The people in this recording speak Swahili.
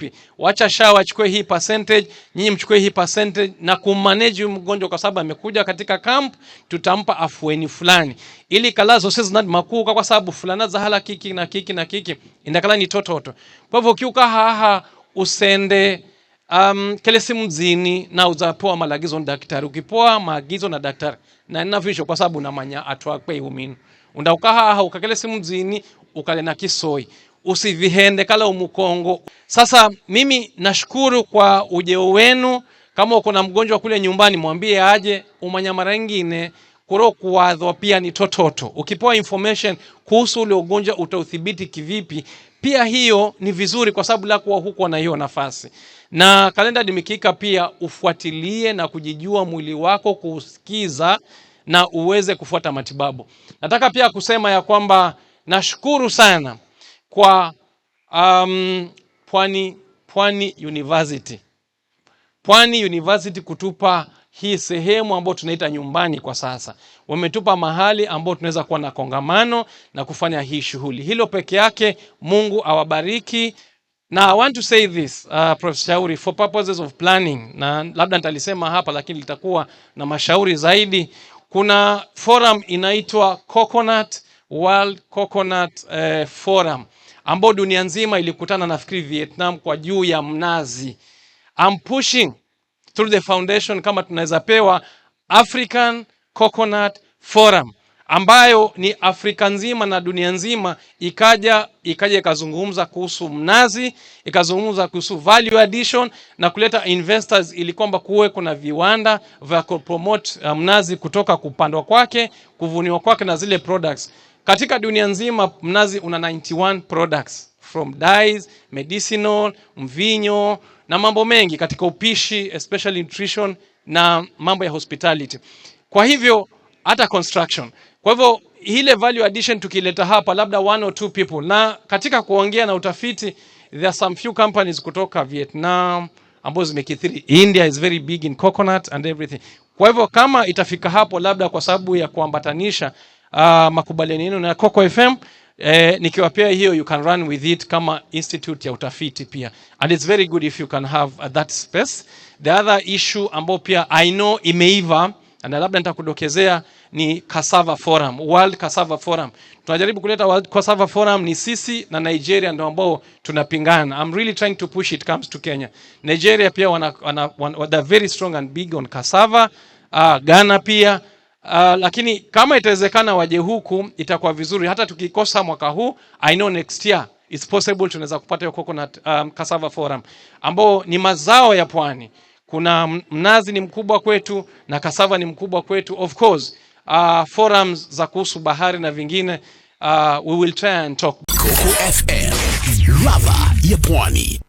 vipi, wacha SHA wachukue hii percentage, nyinyi mchukue hii percentage na kummanage mgonjwa, kwa sababu amekuja katika camp, tutampa afueni fulani ili kalazo sisi zinadi makuu, kwa sababu fulana za hala kiki na kiki na kiki indakala ni tototo. Kwa hivyo kiuka haha usende um, kele simu mzini na uzapoa malagizo na daktari, ukipoa maagizo na daktari na ina visho, kwa sababu namanya atwakwe umini ukakele simu mzini ukale na kisoi usivihende kala umukongo. Sasa mimi nashukuru kwa ujeo wenu. Kama uko na mgonjwa kule nyumbani, mwambie aje umanya mara nyingine kuro kuwadhwa pia ni tototo. Ukipewa information kuhusu ule ugonjwa utaudhibiti kivipi, pia hiyo ni vizuri, kwa sababu la kuwa huko na hiyo nafasi. Na kalenda dimikika pia ufuatilie na kujijua mwili wako kusikiza na uweze kufuata matibabu. Nataka pia kusema ya kwamba nashukuru sana kwa um, Pwani, Pwani University, Pwani University kutupa hii sehemu ambayo tunaita nyumbani kwa sasa. Wametupa mahali ambapo tunaweza kuwa na kongamano na kufanya hii shughuli. Hilo peke yake Mungu awabariki. Na I want to say this uh, Prof. Shauri for purposes of planning, na labda nitalisema hapa lakini litakuwa na mashauri zaidi. Kuna forum inaitwa Coconut World Coconut eh, Forum ambao dunia nzima ilikutana nafikiri Vietnam kwa juu ya mnazi. I'm pushing through the foundation kama tunaweza pewa African Coconut Forum ambayo ni Afrika nzima na dunia nzima ikaja ikaja ikazungumza kuhusu mnazi, ikazungumza kuhusu value addition na kuleta investors, ili kwamba kuwe kuna viwanda vya kupromote eh, mnazi kutoka kupandwa kwake, kuvuniwa kwake na zile products. Katika dunia nzima mnazi una 91 products from dyes, medicinal, mvinyo na mambo mengi katika upishi, especially nutrition na mambo ya hospitality. Kwa hivyo hata construction. Kwa hivyo ile value addition tukileta hapa labda one or two people, na katika kuongea na utafiti there are some few companies kutoka Vietnam ambazo zimekithiri. India is very big in coconut and everything. Kwa hivyo kama itafika hapo, labda kwa sababu ya kuambatanisha uh, makubaliano yenu na Coco FM eh, pia hiyo you can run with it kama institute ya utafiti pia, and it's very good if you can have uh, that space. The other issue ambayo pia I know imeiva na labda nitakudokezea ni Cassava Forum, World Cassava Forum. Tunajaribu kuleta World Cassava Forum, ni sisi na Nigeria ndio ambao tunapingana. I'm really trying to push it comes to Kenya. Nigeria pia wana, wana, wana, wana, they're very strong and big on cassava. Uh, Ghana pia Uh, lakini kama itawezekana waje huku itakuwa vizuri. Hata tukikosa mwaka huu, I know next year it's possible tunaweza kupata hiyo coconut um, cassava forum ambao ni mazao ya pwani. Kuna mnazi ni mkubwa kwetu na cassava ni mkubwa kwetu. Of course, uh, forums za kuhusu bahari na vingine uh, we will try and talk. Coco FM, ladha ya pwani.